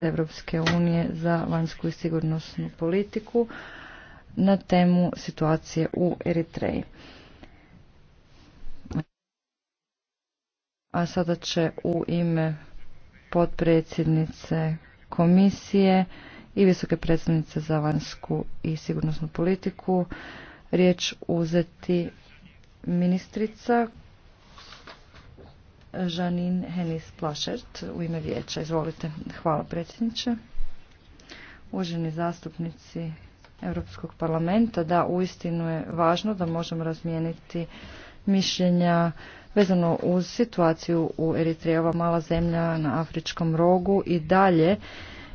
Europske unije za vanjsku i sigurnosnu politiku na temu situacije u Eritreji. A sada će u ime potpredsjednice komisije i visoke predstavnice za vanjsku i sigurnosnu politiku riječ uzeti ministrica Žanin Henis Plašert u ime vijeća. Izvolite. Hvala predsjedniče. Uvaženi zastupnici Europskog parlamenta, da, uistinu je važno da možemo razmijeniti mišljenja vezano uz situaciju u Eritreji, mala zemlja na Afričkom rogu i dalje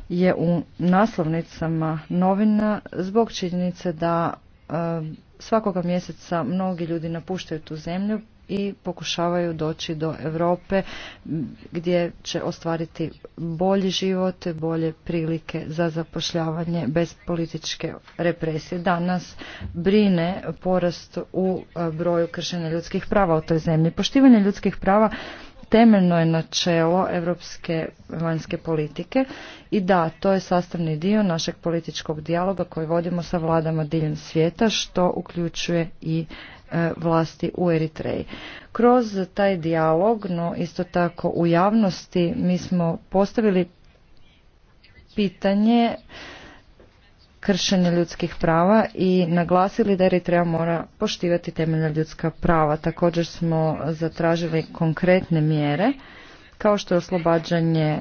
je u naslovnicama novina zbog činjenice da eh, svakoga mjeseca mnogi ljudi napuštaju tu zemlju i pokušavaju doći do Europe gdje će ostvariti bolji život, bolje prilike za zapošljavanje bez političke represije. Danas brine porast u e, broju kršenja ljudskih prava u toj zemlji. Poštivanje ljudskih prava temeljno je načelo europske vanjske politike i da, to je sastavni dio našeg političkog dijaloga koji vodimo sa vladama diljem svijeta što uključuje i E, vlasti u Eritreji. Kroz taj dijalog, no isto tako u javnosti, mi smo postavili pitanje kršenja ljudskih prava i naglasili da Eritreja mora poštivati temeljna ljudska prava. Također smo zatražili konkretne mjere kao što je oslobađanje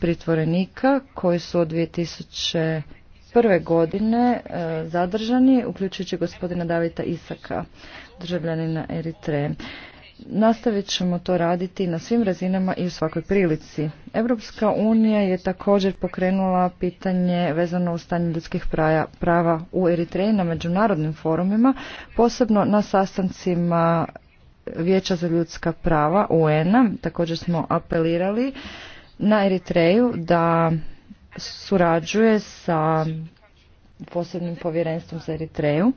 pritvorenika koji su od 2000 Prve godine e, zadržani, uključujući gospodina Davita Isaka, državljanina Eritreje. Nastavit ćemo to raditi na svim razinama i u svakoj prilici. Europska unija je također pokrenula pitanje vezano u stanje ljudskih prava u Eritreji na međunarodnim forumima, posebno na sastancima Vijeća za ljudska prava UN-a. Također smo apelirali na Eritreju da surađuje sa posebnim povjerenstvom za Eritreju.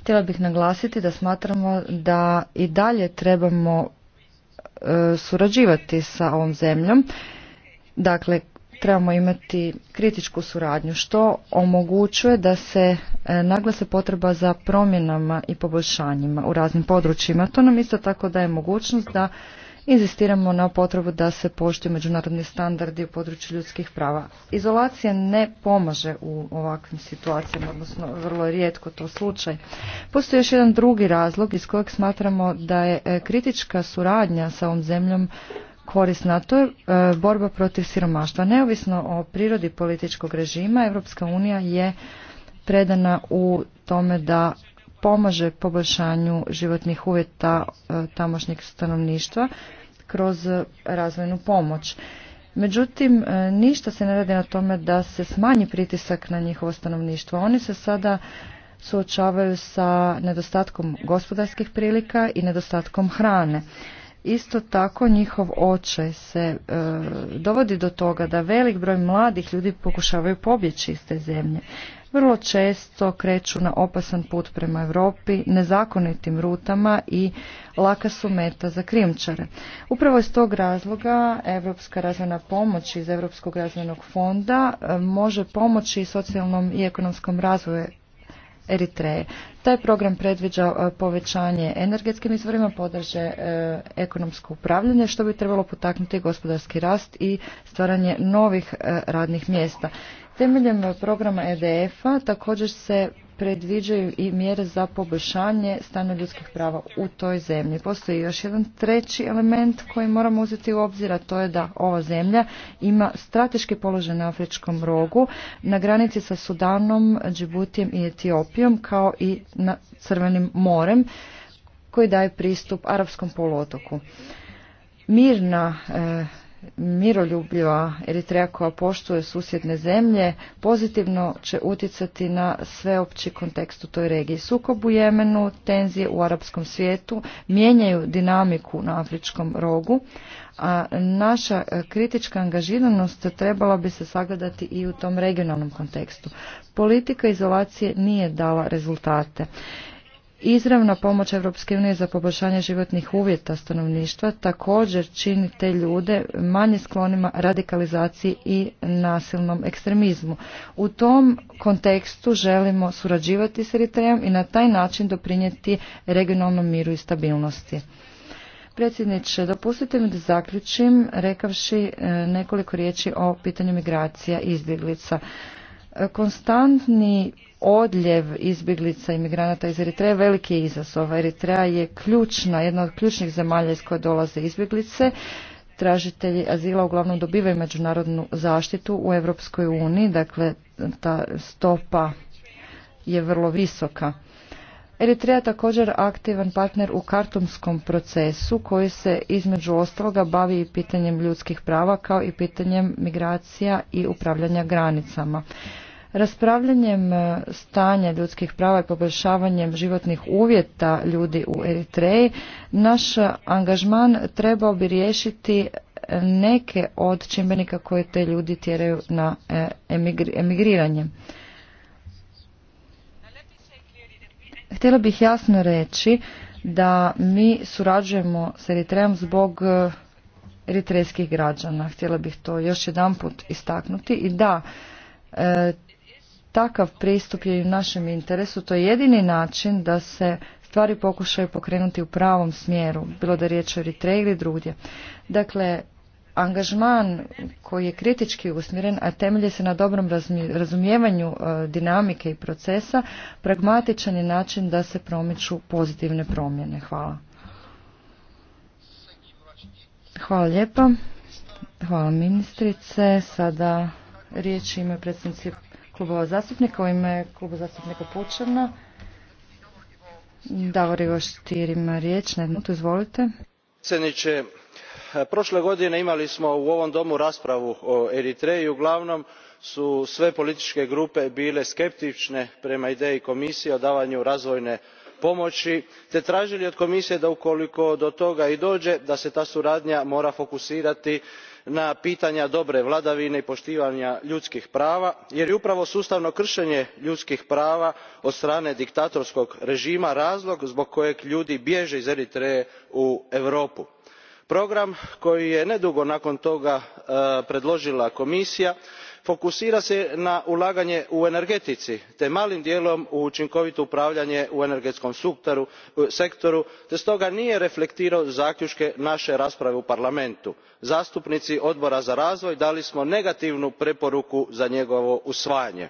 Htjela bih naglasiti da smatramo da i dalje trebamo e, surađivati sa ovom zemljom. Dakle, trebamo imati kritičku suradnju što omogućuje da se e, naglase potreba za promjenama i poboljšanjima u raznim područjima. To nam isto tako daje mogućnost da Inzistiramo na potrebu da se poštuju međunarodni standardi u području ljudskih prava. Izolacija ne pomaže u ovakvim situacijama, odnosno vrlo rijetko to slučaj. Postoji još jedan drugi razlog iz kojeg smatramo da je e, kritička suradnja sa ovom zemljom korisna, to je e, borba protiv siromaštva. Neovisno o prirodi političkog režima, Europska unija je predana u tome da pomaže poboljšanju životnih uvjeta e, tamošnjeg stanovništva kroz razvojnu pomoć. Međutim, e, ništa se ne radi na tome da se smanji pritisak na njihovo stanovništvo. Oni se sada suočavaju sa nedostatkom gospodarskih prilika i nedostatkom hrane. Isto tako njihov očaj se e, dovodi do toga da velik broj mladih ljudi pokušavaju pobjeći iz te zemlje vrlo često kreću na opasan put prema Europi, nezakonitim rutama i laka su meta za krijumčare. Upravo iz tog razloga Europska razvojna pomoć iz Europskog razvojnog fonda e, može pomoći socijalnom i ekonomskom razvoju Eritreje. Taj program predviđa e, povećanje energetskim izvorima, podrže e, ekonomsko upravljanje, što bi trebalo potaknuti gospodarski rast i stvaranje novih radnih mjesta. Temeljem programa EDF-a također se predviđaju i mjere za poboljšanje stanja ljudskih prava u toj zemlji. Postoji još jedan treći element koji moramo uzeti u obzir, a to je da ova zemlja ima strateški položaj na Afričkom rogu, na granici sa Sudanom, Džibutijem i Etiopijom, kao i na Crvenim morem, koji daje pristup Arapskom poluotoku. Mirna eh, miroljubiva Eritreja koja poštuje susjedne zemlje pozitivno će utjecati na sveopći kontekst u toj regiji. Sukob u Jemenu, tenzije u arapskom svijetu mijenjaju dinamiku na afričkom rogu, a naša e, kritička angažiranost trebala bi se sagledati i u tom regionalnom kontekstu. Politika izolacije nije dala rezultate. Izravna pomoć Europske unije za poboljšanje životnih uvjeta stanovništva također čini te ljude manje sklonima radikalizaciji i nasilnom ekstremizmu. U tom kontekstu želimo surađivati s Eritrejom i na taj način doprinijeti regionalnom miru i stabilnosti. Predsjedniče, dopustite mi da zaključim rekavši e, nekoliko riječi o pitanju migracija i izbjeglica. Konstantni odljev izbjeglica i migranata iz Eritreje veliki je izazov. Eritreja je ključna, jedna od ključnih zemalja iz koje dolaze izbjeglice. Tražitelji azila uglavnom dobivaju međunarodnu zaštitu u Europskoj uniji, dakle ta stopa je vrlo visoka. Eritreja je također aktivan partner u kartumskom procesu koji se između ostaloga bavi i pitanjem ljudskih prava kao i pitanjem migracija i upravljanja granicama. Raspravljanjem e, stanja ljudskih prava i poboljšavanjem životnih uvjeta ljudi u Eritreji, naš angažman trebao bi riješiti neke od čimbenika koje te ljudi tjeraju na e, emigriranje. Htjela bih jasno reći da mi surađujemo s Eritrejom zbog e, eritrejskih građana. Htjela bih to još jedanput istaknuti i da, takav pristup je i u našem interesu. To je jedini način da se stvari pokušaju pokrenuti u pravom smjeru, bilo da je riječ o Eritreji ili drugdje. Dakle, angažman koji je kritički usmjeren, a temelji se na dobrom razumijevanju e, dinamike i procesa, pragmatičan je način da se promiču pozitivne promjene. Hvala. Hvala lijepa. Hvala ministrice. Sada riječ ima predsjednici klubova zastupnika. U ime kluba zastupnika Davor Ivo ima riječ. Na izvolite. prošle godine imali smo u ovom domu raspravu o Eritreji. Uglavnom su sve političke grupe bile skeptične prema ideji komisije o davanju razvojne pomoći te tražili od komisije da ukoliko do toga i dođe da se ta suradnja mora fokusirati na pitanja dobre vladavine i poštivanja ljudskih prava jer je upravo sustavno kršenje ljudskih prava od strane diktatorskog režima razlog zbog kojeg ljudi bježe iz eritreje u europu. program koji je nedugo nakon toga e, predložila komisija fokusira se na ulaganje u energetici te malim dijelom u učinkovito upravljanje u energetskom sektoru te stoga nije reflektirao zaključke naše rasprave u parlamentu. zastupnici odbora za razvoj dali smo negativnu preporuku za njegovo usvajanje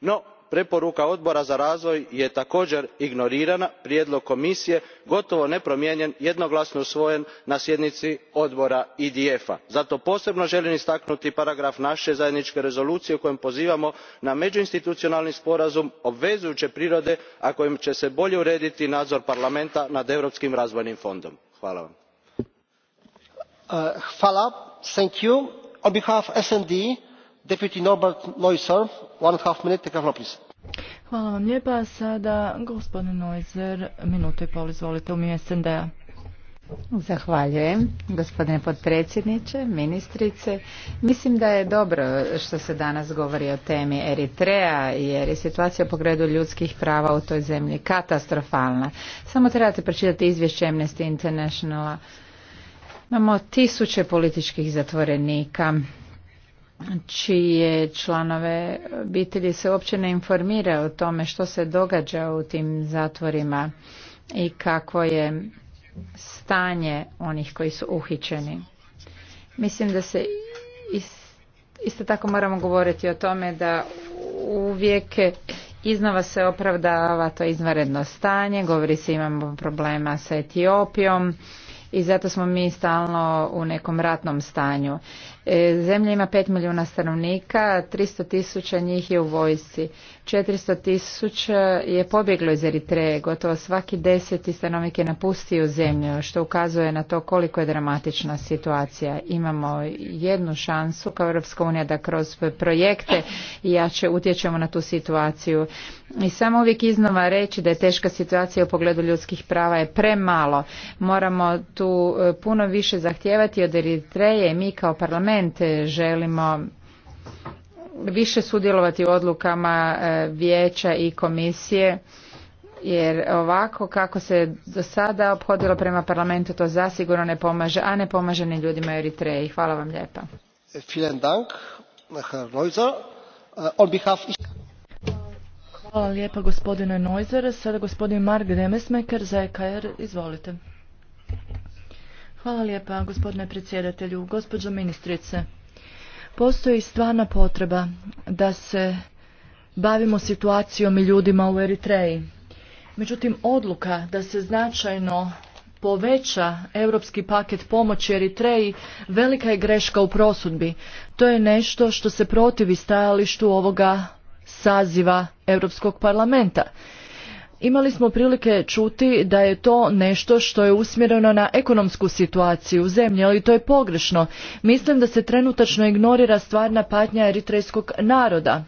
no preporuka odbora za razvoj je također ignorirana prijedlog komisije gotovo nepromijenjen jednoglasno usvojen na sjednici odbora edf a. zato posebno želim istaknuti paragraf naše zajedničke rezolucije u kojem pozivamo na međuinstitucionalni sporazum obvezujuće prirode a kojim će se bolje urediti nadzor parlamenta nad europskim razvojnim fondom. hvala vam. Uh, Hvala vam lijepa. Zahvaljujem, gospodine potpredsjedniče, ministrice. Mislim da je dobro što se danas govori o temi Eritreja, jer je situacija u pogledu ljudskih prava u toj zemlji katastrofalna. Samo trebate pročitati izvješće Amnesty Internationala. Imamo tisuće političkih zatvorenika, čije članove obitelji se uopće ne informira o tome što se događa u tim zatvorima i kakvo je stanje onih koji su uhićeni. Mislim da se isto tako moramo govoriti o tome da uvijek iznova se opravdava to izvanredno stanje, govori se imamo problema sa Etiopijom i zato smo mi stalno u nekom ratnom stanju. E, zemlja ima 5 milijuna stanovnika, 300 tisuća njih je u vojsci, 400 tisuća je pobjeglo iz Eritreje, gotovo svaki deseti stanovnik je napustio zemlju, što ukazuje na to koliko je dramatična situacija. Imamo jednu šansu kao Europska unija da kroz projekte i jače utječemo na tu situaciju. I samo uvijek iznova reći da je teška situacija u pogledu ljudskih prava je premalo. Moramo tu e, puno više zahtijevati od Eritreje mi kao parlament Eh, želimo više sudjelovati u odlukama eh, vijeća i komisije jer ovako kako se do sada obhodilo prema parlamentu to zasigurno ne pomaže, a ne pomaže ni ljudima u Eritreji. Hvala vam lijepa. Eh, Hvala lijepa gospodine Neuser. Sada gospodin Mark Demesmeker za EKR. Er. Izvolite. Hvala lijepa gospodine predsjedatelju. Gospođo ministrice, postoji stvarna potreba da se bavimo situacijom i ljudima u Eritreji. Međutim, odluka da se značajno poveća europski paket pomoći Eritreji, velika je greška u prosudbi. To je nešto što se protivi stajalištu ovoga saziva Europskog parlamenta. Imali smo prilike čuti da je to nešto što je usmjereno na ekonomsku situaciju u zemlji, ali to je pogrešno. Mislim da se trenutačno ignorira stvarna patnja eritrejskog naroda.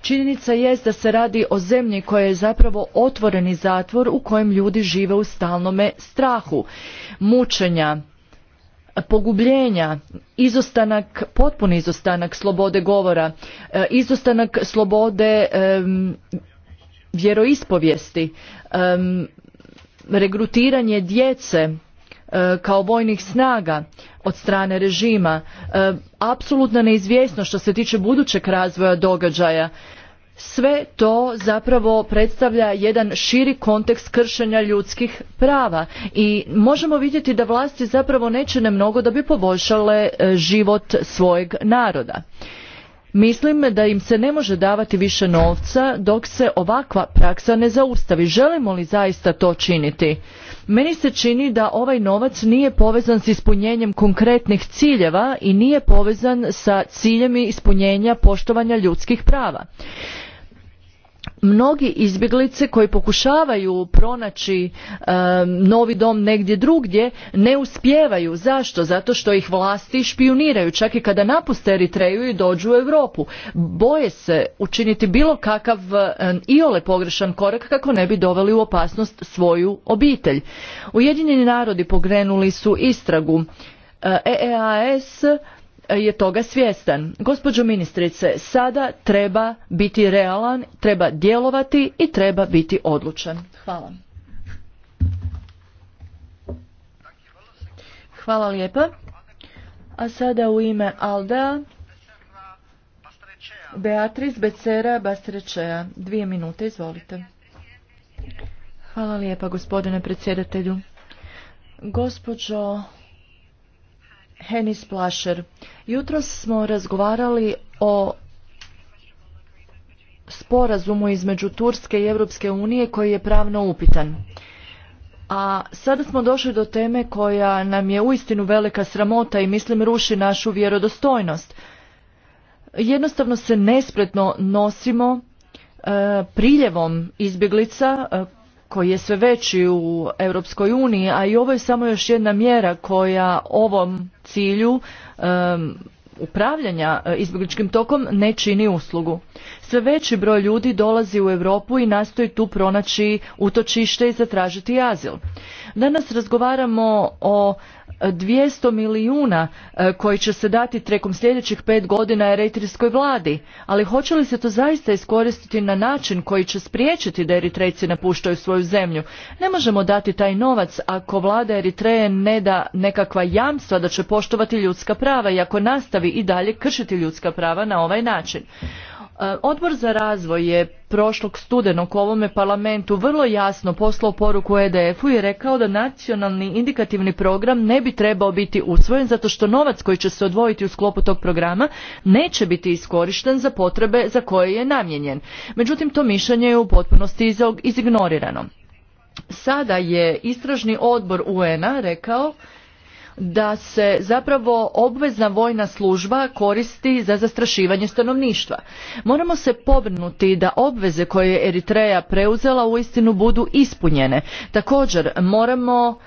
Činjenica jest da se radi o zemlji koja je zapravo otvoreni zatvor u kojem ljudi žive u stalnome strahu, mučenja, pogubljenja, izostanak, potpuni izostanak slobode govora, e, izostanak slobode vjeroispovijesti, regrutiranje djece e, kao vojnih snaga od strane režima, e, apsolutna neizvjesnost što se tiče budućeg razvoja događaja, sve to zapravo predstavlja jedan širi kontekst kršenja ljudskih prava i možemo vidjeti da vlasti zapravo ne čine mnogo da bi poboljšale e, život svojeg naroda. Mislim da im se ne može davati više novca dok se ovakva praksa ne zaustavi. Želimo li zaista to činiti? Meni se čini da ovaj novac nije povezan s ispunjenjem konkretnih ciljeva i nije povezan sa ciljem ispunjenja poštovanja ljudskih prava mnogi izbjeglice koji pokušavaju pronaći novi dom negdje drugdje ne uspijevaju zašto zato što ih vlasti špioniraju. čak i kada napuste eritreju i dođu u europu boje se učiniti bilo kakav i iole pogrešan korak kako ne bi doveli u opasnost svoju obitelj ujedinjeni narodi pogrenuli su istragu eeas je toga svjestan. Gospođo ministrice, sada treba biti realan, treba djelovati i treba biti odlučan. Hvala. Hvala lijepa. A sada u ime Aldea Beatriz Becera Bastrečeja. Dvije minute, izvolite. Hvala lijepa gospodine predsjedatelju. Gospođo Henis Plašer. Jutros smo razgovarali o sporazumu između Turske i Europske unije koji je pravno upitan. A sada smo došli do teme koja nam je uistinu velika sramota i mislim ruši našu vjerodostojnost. Jednostavno se nespretno nosimo e, priljevom izbjeglica e, koji je sve veći u Europskoj uniji, a i ovo je samo još jedna mjera koja ovom cilju upravljanja e, izbjegličkim tokom ne čini uslugu. Sve veći broj ljudi dolazi u Europu i nastoji tu pronaći utočište i zatražiti azil. Danas razgovaramo o 200 milijuna e, koji će se dati trekom sljedećih pet godina eritrejskoj vladi, ali hoće li se to zaista iskoristiti na način koji će spriječiti da Eritrejci napuštaju svoju zemlju? Ne možemo dati taj novac ako vlada Eritreje ne da nekakva jamstva da će poštovati ljudska prava i ako nastavi i dalje kršiti ljudska prava na ovaj način. Odbor za razvoj je prošlog studenog u ovome parlamentu vrlo jasno poslao poruku EDF-u i rekao da nacionalni indikativni program ne bi trebao biti usvojen zato što novac koji će se odvojiti u sklopu tog programa neće biti iskorišten za potrebe za koje je namijenjen. Međutim, to mišljenje je u potpunosti izignorirano. Sada je istražni odbor UN-a rekao da se zapravo obvezna vojna služba koristi za zastrašivanje stanovništva. Moramo se pobrnuti da obveze koje je Eritreja preuzela uistinu budu ispunjene. Također moramo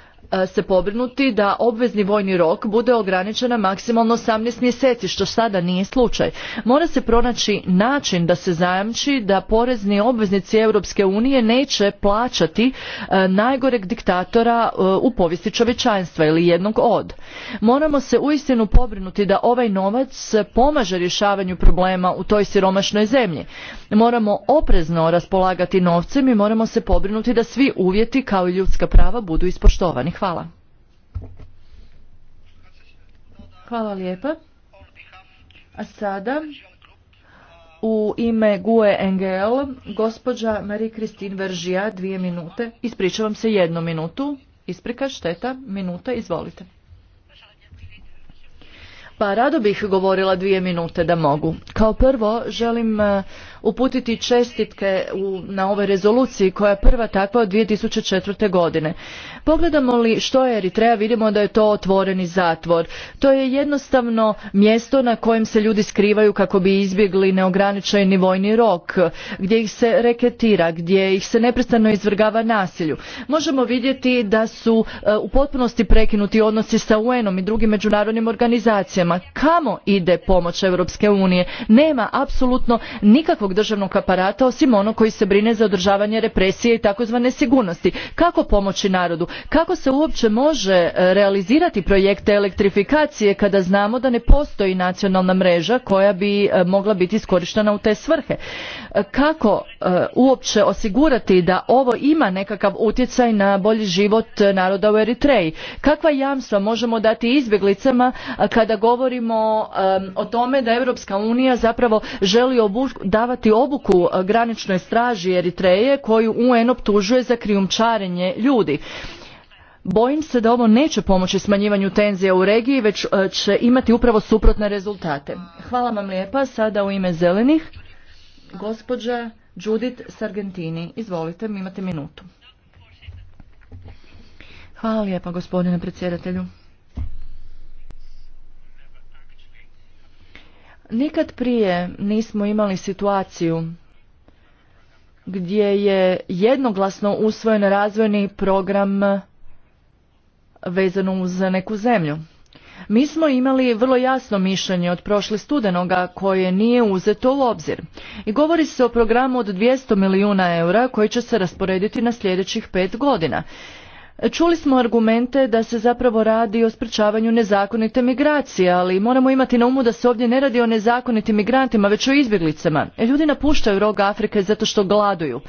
E, se pobrinuti da obvezni vojni rok bude ograničen na maksimalno 18 mjeseci, što sada nije slučaj. Mora se pronaći način da se zajamči da porezni obveznici Europske unije neće plaćati e, najgoreg diktatora e, u povijesti čovječanstva ili jednog od. Moramo se uistinu pobrinuti da ovaj novac pomaže rješavanju problema u toj siromašnoj zemlji. Moramo oprezno raspolagati novcem i moramo se pobrinuti da svi uvjeti kao i ljudska prava budu ispoštovani. Hvala. Hvala lijepa. A sada u ime GUE NGL gospođa Marie-Christine Veržija dvije minute. Ispričavam se jednu minutu. Isprika šteta, minuta, izvolite. Pa rado bih govorila dvije minute da mogu. Kao prvo želim eh, uputiti čestitke na ovoj rezoluciji koja je prva takva od 2004. godine. Pogledamo li što je Eritreja, vidimo da je to otvoreni zatvor. To je jednostavno mjesto na kojem se ljudi skrivaju kako bi izbjegli neograničeni vojni rok, gdje ih se reketira, gdje ih se neprestano izvrgava nasilju. Možemo vidjeti da su e, u potpunosti prekinuti odnosi sa UN-om i drugim međunarodnim organizacijama. Kamo ide pomoć Europske unije? Nema apsolutno nikakvog državnog aparata osim onog koji se brine za održavanje represije i takozvane sigurnosti. Kako pomoći narodu? Kako se uopće može e, realizirati projekte elektrifikacije kada znamo da ne postoji nacionalna mreža koja bi e, mogla biti iskorištena u te svrhe? E, kako uopće osigurati da ovo ima nekakav utjecaj na bolji život naroda u Eritreji? Kakva jamstva možemo dati izbjeglicama kada govorimo o tome da Europska unija zapravo želi davati obuku e, graničnoj straži Eritreje koju UN optužuje za krijumčarenje ljudi. Bojim se da ovo neće pomoći smanjivanju tenzija u regiji, već e, će imati upravo suprotne rezultate. Hvala vam lijepa. Sada u ime zelenih, gospođa Judith Sargentini. Izvolite, imate minutu. Hvala lijepa gospodine predsjedatelju. Nikad prije nismo imali situaciju gdje je jednoglasno usvojen razvojni program vezan uz neku zemlju. Mi smo imali vrlo jasno mišljenje od prošle studenoga koje nije uzeto u obzir. I govori se o programu od 200 milijuna eura koji će se rasporediti na sljedećih pet godina. Čuli smo argumente da se zapravo radi o sprečavanju nezakonite migracije, ali moramo imati na umu da se ovdje ne radi o nezakonitim migrantima, već o izbjeglicama. Ljudi napuštaju rog Afrike zato što gladuju.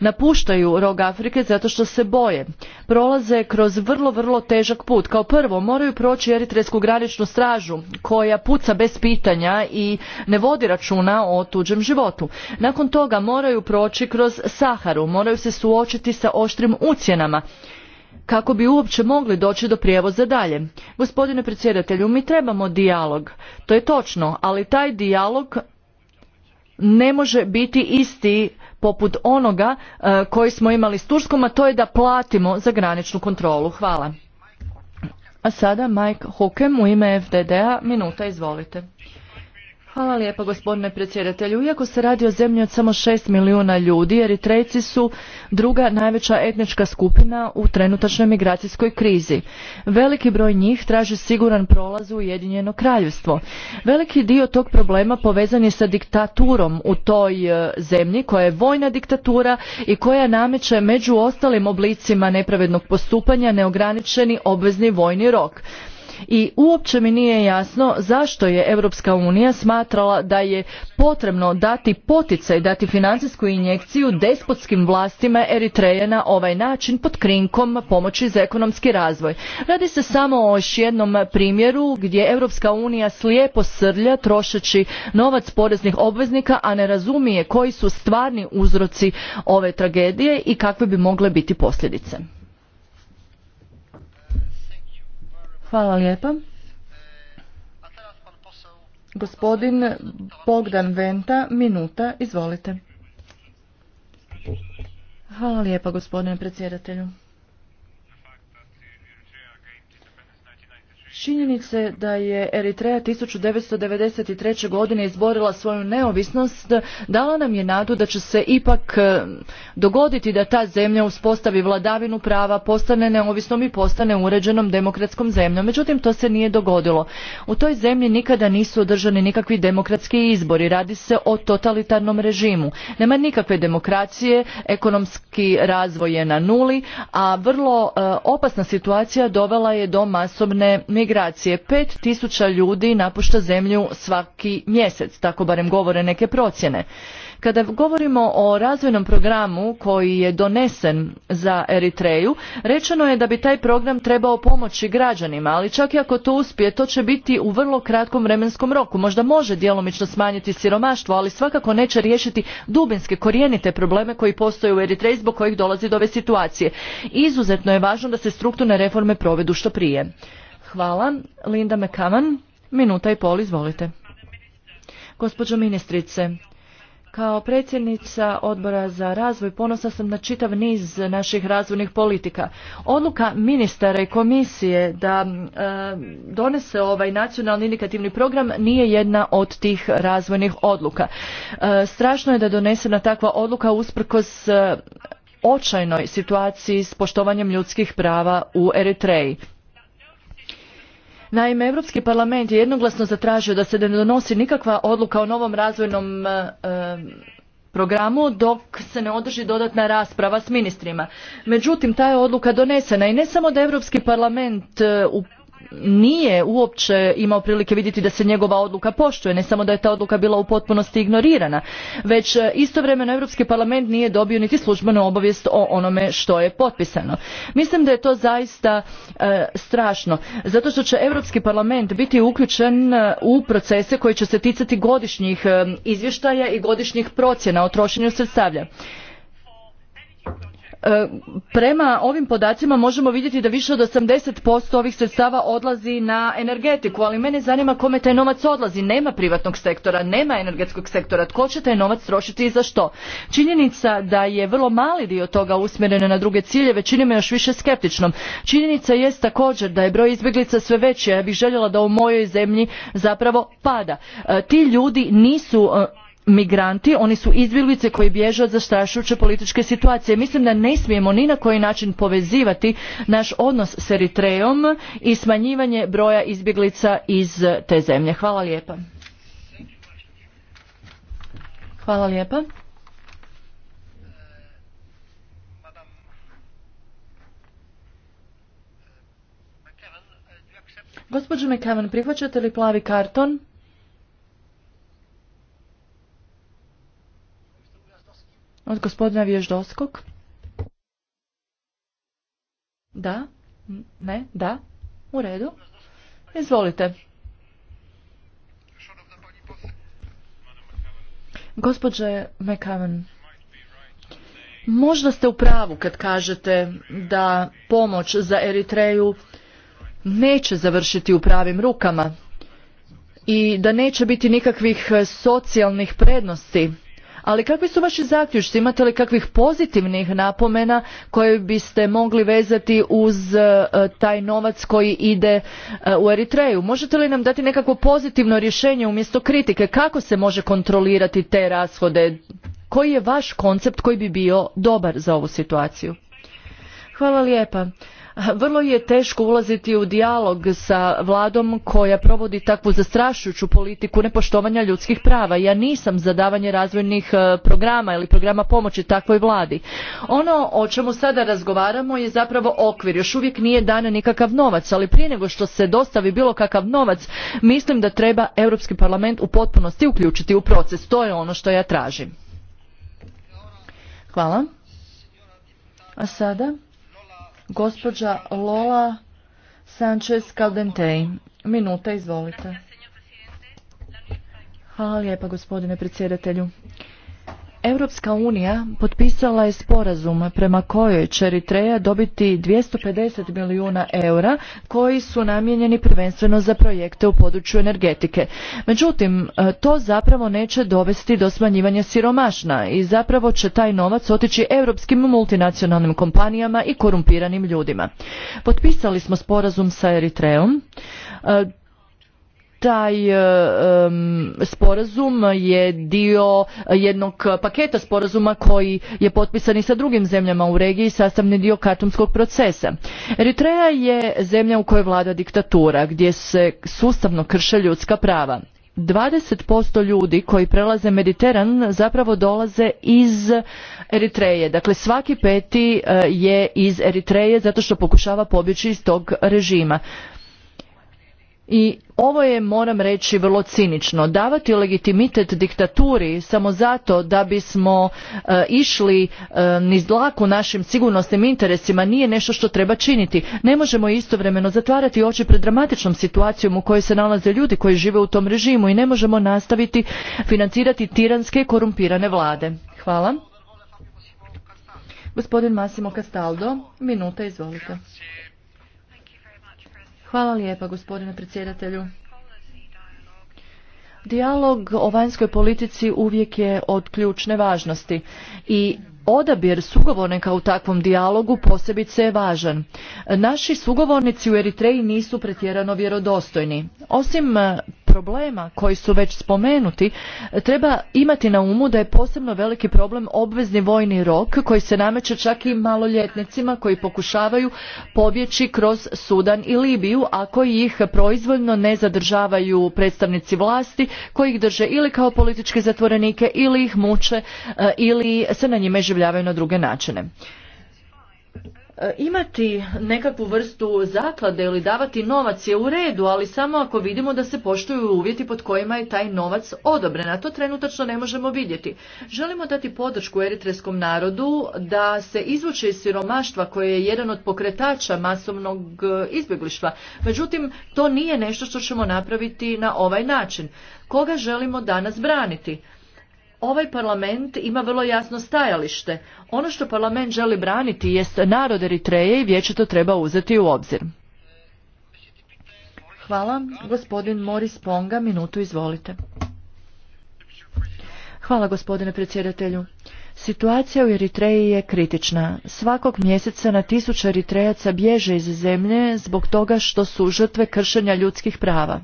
Napuštaju rog Afrike zato što se boje. Prolaze kroz vrlo, vrlo težak put. Kao prvo, moraju proći eritresku graničnu stražu koja puca bez pitanja i ne vodi računa o tuđem životu. Nakon toga moraju proći kroz Saharu, moraju se suočiti sa oštrim ucjenama kako bi uopće mogli doći do prijevoza dalje. Gospodine predsjedatelju, mi trebamo dijalog, to je točno, ali taj dijalog ne može biti isti poput onoga e, koji smo imali s Turskom, a to je da platimo za graničnu kontrolu. Hvala. A sada Mike Hukem u ime fdd Minuta, izvolite. Hvala lijepo gospodine predsjedatelju. Iako se radi o zemlji od samo 6 milijuna ljudi, Eritrejci su druga najveća etnička skupina u trenutačnoj migracijskoj krizi. Veliki broj njih traži siguran prolaz u Ujedinjeno kraljevstvo. Veliki dio tog problema povezan je sa diktaturom u toj e, zemlji koja je vojna diktatura i koja nameće među ostalim oblicima nepravednog postupanja neograničeni obvezni vojni rok i uopće mi nije jasno zašto je Europska unija smatrala da je potrebno dati poticaj, dati financijsku injekciju despotskim vlastima Eritreje na ovaj način pod krinkom pomoći za ekonomski razvoj. Radi se samo o još jednom primjeru gdje Europska unija slijepo srlja trošeći novac poreznih obveznika, a ne razumije koji su stvarni uzroci ove tragedije i kakve bi mogle biti posljedice. Hvala lijepa. Gospodin Bogdan Venta, minuta, izvolite. Hvala lijepa gospodine predsjedatelju. Činjenice da je Eritreja 1993. godine izborila svoju neovisnost dala nam je nadu da će se ipak e, dogoditi da ta zemlja uspostavi vladavinu prava, postane neovisnom i postane uređenom demokratskom zemljom. Međutim, to se nije dogodilo. U toj zemlji nikada nisu održani nikakvi demokratski izbori. Radi se o totalitarnom režimu. Nema nikakve demokracije, ekonomski razvoj je na nuli, a vrlo e, opasna situacija dovela je do masovne migracije migracije. 5000 ljudi napušta zemlju svaki mjesec, tako barem govore neke procjene. Kada govorimo o razvojnom programu koji je donesen za Eritreju, rečeno je da bi taj program trebao pomoći građanima, ali čak i ako to uspije, to će biti u vrlo kratkom vremenskom roku. Možda može djelomično smanjiti siromaštvo, ali svakako neće riješiti dubinske korijenite probleme koji postoje u Eritreji zbog kojih dolazi do ove situacije. Izuzetno je važno da se strukturne reforme provedu što prije. Hvala. Linda McCammon, minuta i pol, izvolite. Gospođo ministrice, kao predsjednica odbora za razvoj ponosa sam na čitav niz naših razvojnih politika. Odluka ministara i komisije da e, donese ovaj nacionalni indikativni program nije jedna od tih razvojnih odluka. E, strašno je da donesena takva odluka usprkos e, očajnoj situaciji s poštovanjem ljudskih prava u Eritreji. Naime, Europski parlament je jednoglasno zatražio da se ne donosi nikakva odluka o novom razvojnom e, e, programu dok se ne održi dodatna rasprava s ministrima. Međutim, ta je odluka donesena i ne samo da Europski parlament e, u nije uopće imao prilike vidjeti da se njegova odluka poštuje ne samo da je ta odluka bila u potpunosti ignorirana već e, istovremeno europski parlament nije dobio niti službenu obavijest o onome što je potpisano mislim da je to zaista e, strašno zato što će europski parlament biti uključen e, u procese koji će se ticati godišnjih izvještaja i godišnjih procjena o trošenju sredstava E, prema ovim podacima možemo vidjeti da više od 80% ovih sredstava odlazi na energetiku, ali mene zanima kome taj novac odlazi. Nema privatnog sektora, nema energetskog sektora. Tko će taj novac trošiti i za što? Činjenica da je vrlo mali dio toga usmjeren na druge ciljeve čini me još više skeptičnom. Činjenica jest također da je broj izbjeglica sve veći, a ja bih željela da u mojoj zemlji zapravo pada. E, ti ljudi nisu e, migranti oni su izbjeglice koji bježe od zastrašujuće političke situacije mislim da ne smijemo ni na koji način povezivati naš odnos s eritrejom i smanjivanje broja izbjeglica iz te zemlje hvala lijepa hvala lijepa Gospođo McKevin, prihvaćate li plavi karton? Od gospodina Vježdovskog? Da? Ne? Da? U redu. Izvolite. Gospodže mekaven možda ste u pravu kad kažete da pomoć za Eritreju neće završiti u pravim rukama i da neće biti nikakvih socijalnih prednosti ali kakvi su vaši zaključci? Imate li kakvih pozitivnih napomena koje biste mogli vezati uz e, taj novac koji ide e, u Eritreju? Možete li nam dati nekakvo pozitivno rješenje umjesto kritike? Kako se može kontrolirati te rashode? Koji je vaš koncept koji bi bio dobar za ovu situaciju? Hvala lijepa. Vrlo je teško ulaziti u dijalog sa vladom koja provodi takvu zastrašujuću politiku nepoštovanja ljudskih prava. Ja nisam za davanje razvojnih e, programa ili programa pomoći takvoj vladi. Ono o čemu sada razgovaramo je zapravo okvir. Još uvijek nije dan nikakav novac, ali prije nego što se dostavi bilo kakav novac, mislim da treba Europski parlament u potpunosti uključiti u proces. To je ono što ja tražim. Hvala. A sada? Gospođa Lola Sanchez Caldentej. Minuta, izvolite. Hvala lijepa gospodine predsjedatelju. Europska unija potpisala je sporazum prema kojoj će Eritreja dobiti 250 milijuna eura koji su namijenjeni prvenstveno za projekte u području energetike. Međutim, e, to zapravo neće dovesti do smanjivanja siromašna i zapravo će taj novac otići europskim multinacionalnim kompanijama i korumpiranim ljudima. Potpisali smo sporazum sa Eritrejom e, taj e, sporazum je dio jednog paketa sporazuma koji je potpisan i sa drugim zemljama u regiji sastavni dio kartumskog procesa eritreja je zemlja u kojoj vlada diktatura gdje se sustavno krše ljudska prava 20% ljudi koji prelaze Mediteran zapravo dolaze iz Eritreje. Dakle, svaki peti e, je iz Eritreje zato što pokušava pobjeći iz tog režima. I ovo je, moram reći, vrlo cinično. Davati legitimitet diktaturi samo zato da bismo eh, išli eh, niz dlaku našim sigurnosnim interesima nije nešto što treba činiti. Ne možemo istovremeno zatvarati oči pred dramatičnom situacijom u kojoj se nalaze ljudi koji žive u tom režimu i ne možemo nastaviti financirati tiranske korumpirane vlade. Hvala. Gospodin Massimo Castaldo, minuta, izvolite. Hvala lijepa gospodine predsjedatelju. Dijalog o vanjskoj politici uvijek je od ključne važnosti i Odabir sugovornika u takvom dijalogu posebice je važan. Naši sugovornici u Eritreji nisu pretjerano vjerodostojni. Osim e, problema koji su već spomenuti, treba imati na umu da je posebno veliki problem obvezni vojni rok koji se nameće čak i maloljetnicima koji pokušavaju pobjeći kroz Sudan i Libiju ako ih proizvoljno ne zadržavaju predstavnici vlasti koji ih drže ili kao političke zatvorenike ili ih muče e, ili se na njime doživljavaju na druge načine. E, imati nekakvu vrstu zaklade ili davati novac je u redu, ali samo ako vidimo da se poštuju uvjeti pod kojima je taj novac odobren, a to trenutačno ne možemo vidjeti. Želimo dati podršku eritreskom narodu da se izvuče iz siromaštva koje je jedan od pokretača masovnog e, izbjeglištva. Međutim, to nije nešto što ćemo napraviti na ovaj način. Koga želimo danas braniti? Ovaj parlament ima vrlo jasno stajalište. Ono što parlament želi braniti jest narod Eritreje i vječe to treba uzeti u obzir. Hvala. Gospodin Moris Ponga, minutu izvolite. Hvala gospodine predsjedatelju. Situacija u Eritreji je kritična. Svakog mjeseca na tisuće Eritrejaca bježe iz zemlje zbog toga što su žrtve kršenja ljudskih prava.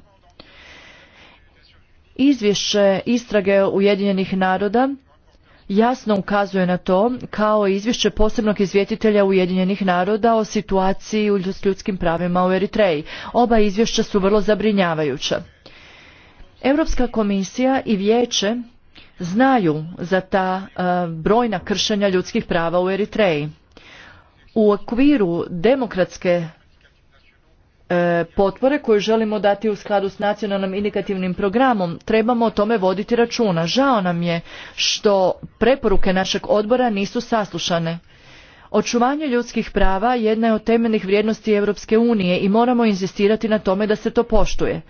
Izvješće istrage Ujedinjenih naroda jasno ukazuje na to kao izvješće posebnog izvjetitelja Ujedinjenih naroda o situaciji s ljudskim pravima u Eritreji. Oba izvješća su vrlo zabrinjavajuća. Europska komisija i vijeće znaju za ta e, brojna kršenja ljudskih prava u Eritreji. U okviru demokratske E, potpore koje želimo dati u skladu s nacionalnim indikativnim programom trebamo o tome voditi računa. Žao nam je što preporuke našeg odbora nisu saslušane. Očuvanje ljudskih prava jedna je od temeljnih vrijednosti Europske unije i moramo inzistirati na tome da se to poštuje.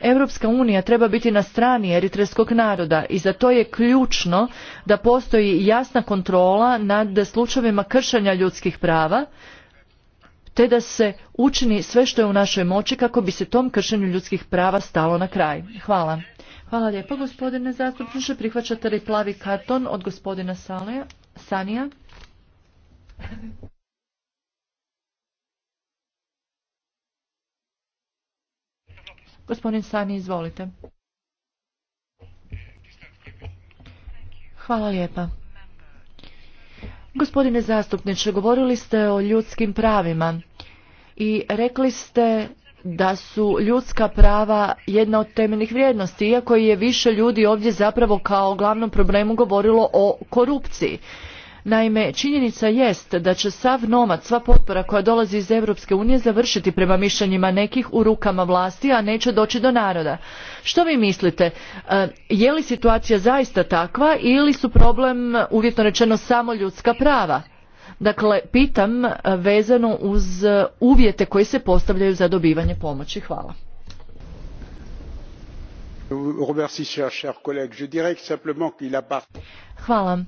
Europska unija treba biti na strani eritreskog naroda i za to je ključno da postoji jasna kontrola nad slučajevima kršenja ljudskih prava te da se učini sve što je u našoj moći kako bi se tom kršenju ljudskih prava stalo na kraj. Hvala. Hvala lijepo gospodine zastupniče. Prihvaćate li plavi karton od gospodina Sanija? Gospodin Sani, izvolite. Hvala lijepa. Gospodine zastupniče, govorili ste o ljudskim pravima i rekli ste da su ljudska prava jedna od temeljnih vrijednosti, iako je više ljudi ovdje zapravo kao glavnom problemu govorilo o korupciji. Naime, činjenica jest da će sav nomad, sva potpora koja dolazi iz Europske unije završiti prema mišljenjima nekih u rukama vlasti, a neće doći do naroda. Što vi mislite, e, je li situacija zaista takva ili su problem, uvjetno rečeno, samo ljudska prava? Dakle, pitam e, vezano uz e, uvjete koji se postavljaju za dobivanje pomoći. Hvala. Hvala.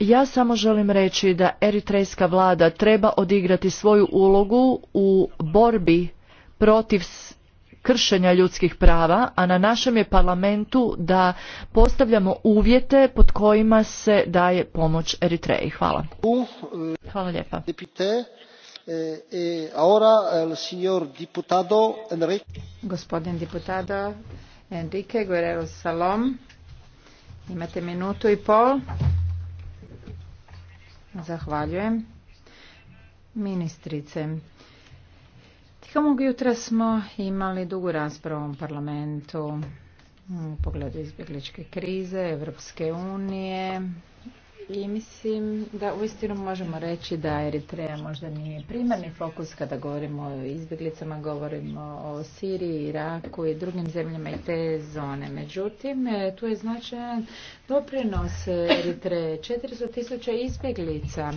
Ja samo želim reći da eritrejska vlada treba odigrati svoju ulogu u borbi protiv kršenja ljudskih prava, a na našem je parlamentu da postavljamo uvjete pod kojima se daje pomoć Eritreji. Hvala. Hvala lijepa. Eh, eh, Gospodin diputado Enrique Guerrero Salom, imate minutu i pol. Zahvaljujem. Ministrice, Kamo jutra smo imali dugu raspravu u parlamentu u pogledu izbjegličke krize Evropske unije i mislim da uistinu možemo reći da Eritreja možda nije primarni fokus kada govorimo o izbjeglicama, govorimo o Siriji, Iraku i drugim zemljama i te zone. Međutim, e, tu je značajan doprinos Eritreje. 400 tisuća izbjeglica.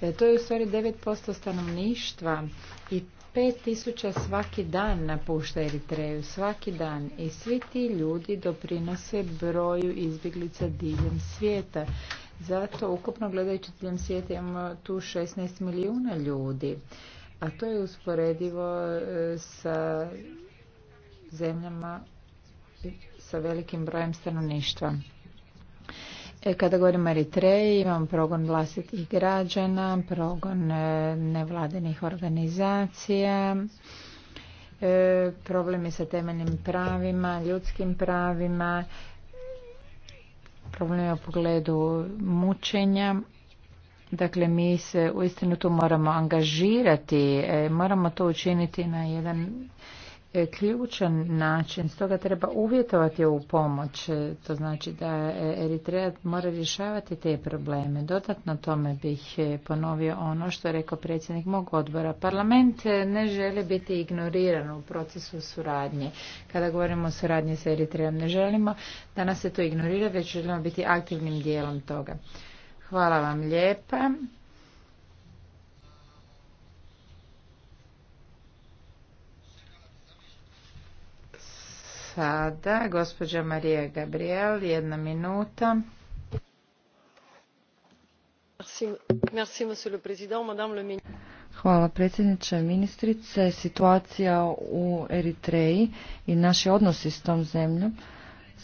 E, to je u stvari 9% stanovništva i 5000 svaki dan napušta Eritreju, svaki dan. I svi ti ljudi doprinose broju izbjeglica diljem svijeta. Zato ukupno gledajući diljem svijeta imamo tu 16 milijuna ljudi. A to je usporedivo e, sa zemljama sa velikim brojem stanovništva. E, kada govorimo o Eritreji, imamo progon vlastitih građana, progon e, nevladinih organizacija, e, problemi sa temeljnim pravima, ljudskim pravima, problemi u pogledu mučenja. Dakle, mi se uistinu tu moramo angažirati, moramo to učiniti na jedan ključan način, stoga treba uvjetovati ovu pomoć, to znači da Eritreja mora rješavati te probleme. Dodatno tome bih ponovio ono što je rekao predsjednik mog odbora. Parlament ne želi biti ignoriran u procesu suradnje. Kada govorimo o suradnji sa Eritrejom ne želimo da nas se to ignorira, već želimo biti aktivnim dijelom toga. Hvala vam lijepa. sada gospođa Marija Gabriel, jedna minuta. Hvala predsjedniče ministrice. Situacija u Eritreji i naši odnosi s tom zemljom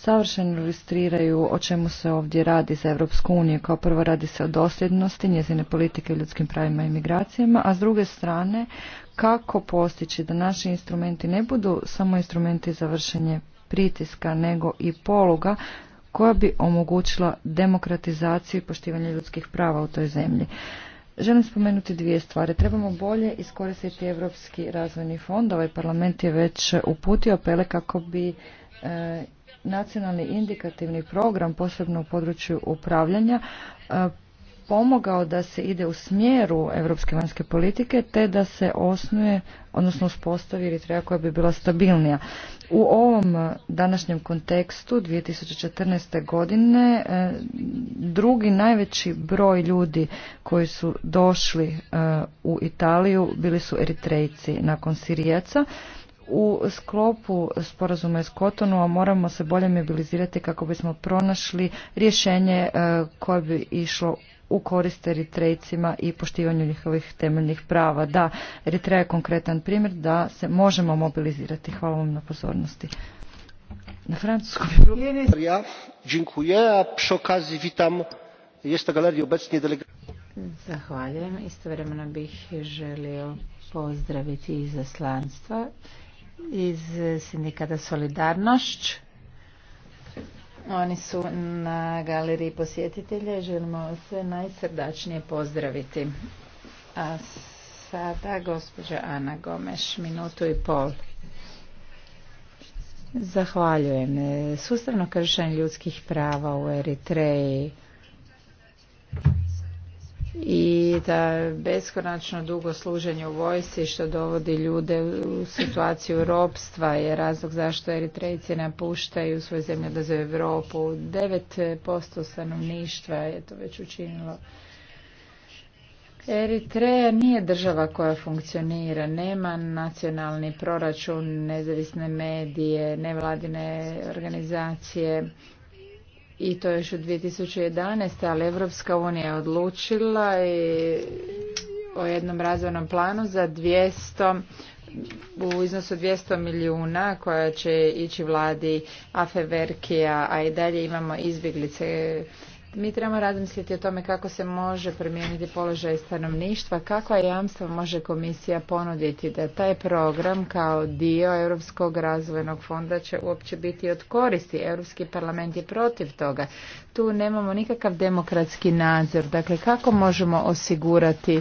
savršeno ilustriraju o čemu se ovdje radi za Europsku uniju. Kao prvo radi se o dosljednosti njezine politike ljudskim pravima i migracijama, a s druge strane kako postići da naši instrumenti ne budu samo instrumenti za vršenje pritiska, nego i poluga koja bi omogućila demokratizaciju i poštivanje ljudskih prava u toj zemlji. Želim spomenuti dvije stvari. Trebamo bolje iskoristiti Europski razvojni fond. Ovaj parlament je već uputio apele kako bi e, nacionalni indikativni program, posebno u području upravljanja, e, pomogao da se ide u smjeru europske vanjske politike te da se osnuje, odnosno uspostavi Eritreja koja bi bila stabilnija. U ovom e, današnjem kontekstu 2014. godine e, drugi najveći broj ljudi koji su došli u Italiju bili su Eritrejci nakon Sirijaca. U sklopu sporazuma iz Kotonu moramo se bolje mobilizirati kako bismo pronašli rješenje e, koje bi išlo u korist eritrejcima i poštivanju njihovih temeljnih prava. Da, Eritreja je konkretan primjer da se možemo mobilizirati. Hvala vam na pozornosti. Na francuskom Ja, Dziękuję, a przy okazji witam, Zahvaljujem. Istovremeno bih želio pozdraviti izaslanstva iz sindikata Solidarnošć. Oni su na galeriji posjetitelja i želimo se najsrdačnije pozdraviti. A sada gospođa Ana Gomeš, minutu i pol. Zahvaljujem. Sustavno kršenje ljudskih prava u Eritreji i da beskonačno dugo služenje u vojsci što dovodi ljude u situaciju ropstva je razlog zašto Eritrejci napuštaju svoje zemlje da za Europu. 9% stanovništva je to već učinilo. Eritreja nije država koja funkcionira, nema nacionalni proračun, nezavisne medije, nevladine organizacije, i to još u 2011. ali Evropska unija je odlučila o jednom razvojnom planu za 200 u iznosu 200 milijuna koja će ići vladi Afeverkija, a i dalje imamo izbjeglice mi trebamo razmisliti o tome kako se može promijeniti položaj stanovništva, kakva jamstva može komisija ponuditi da taj program kao dio Europskog razvojnog fonda će uopće biti od koristi. Europski parlament je protiv toga. Tu nemamo nikakav demokratski nadzor. Dakle, kako možemo osigurati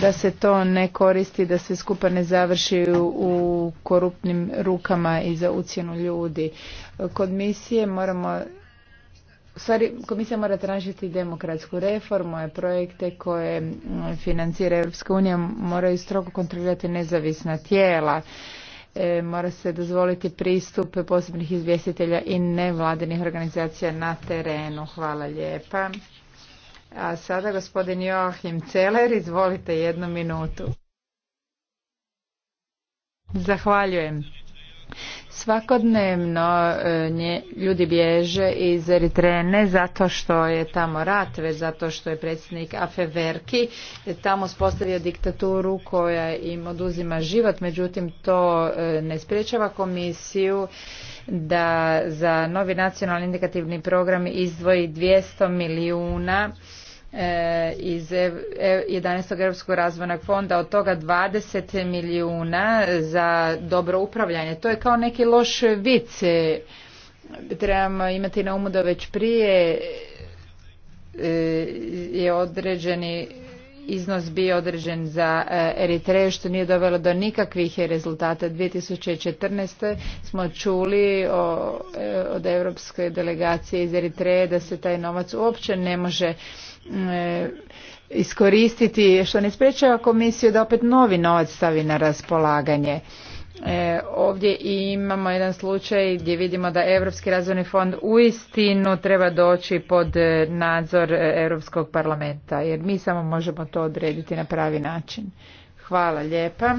da se to ne koristi, da se skupa ne završi u korupnim rukama i za ucjenu ljudi. Kod misije moramo stvari komisija mora tražiti demokratsku reformu, projekte koje financira Europska unija moraju strogo kontrolirati nezavisna tijela. E, mora se dozvoliti pristup posebnih izvjestitelja i nevladinih organizacija na terenu. Hvala lijepa. A sada gospodin Joachim Celer, izvolite jednu minutu. Zahvaljujem. Svakodnevno e, ljudi bježe iz Eritrene zato što je tamo rat, već zato što je predsjednik Afeverki tamo spostavio diktaturu koja im oduzima život, međutim to e, ne spriječava komisiju da za novi nacionalni indikativni program izdvoji 200 milijuna E, iz 11. E, Europskog razvojnog fonda, od toga 20 milijuna za dobro upravljanje. To je kao neki loš vic. E, trebamo imati na umu da već prije je određeni iznos bio određen za Eritreju što nije dovelo do nikakvih rezultata. 2014. smo čuli od europske delegacije iz Eritreje da se taj novac uopće ne može E, iskoristiti što ne sprečava komisiju da opet novi novac stavi na raspolaganje. E, ovdje imamo jedan slučaj gdje vidimo da Europski razvojni fond uistinu treba doći pod nadzor Europskog parlamenta jer mi samo možemo to odrediti na pravi način. Hvala lijepa.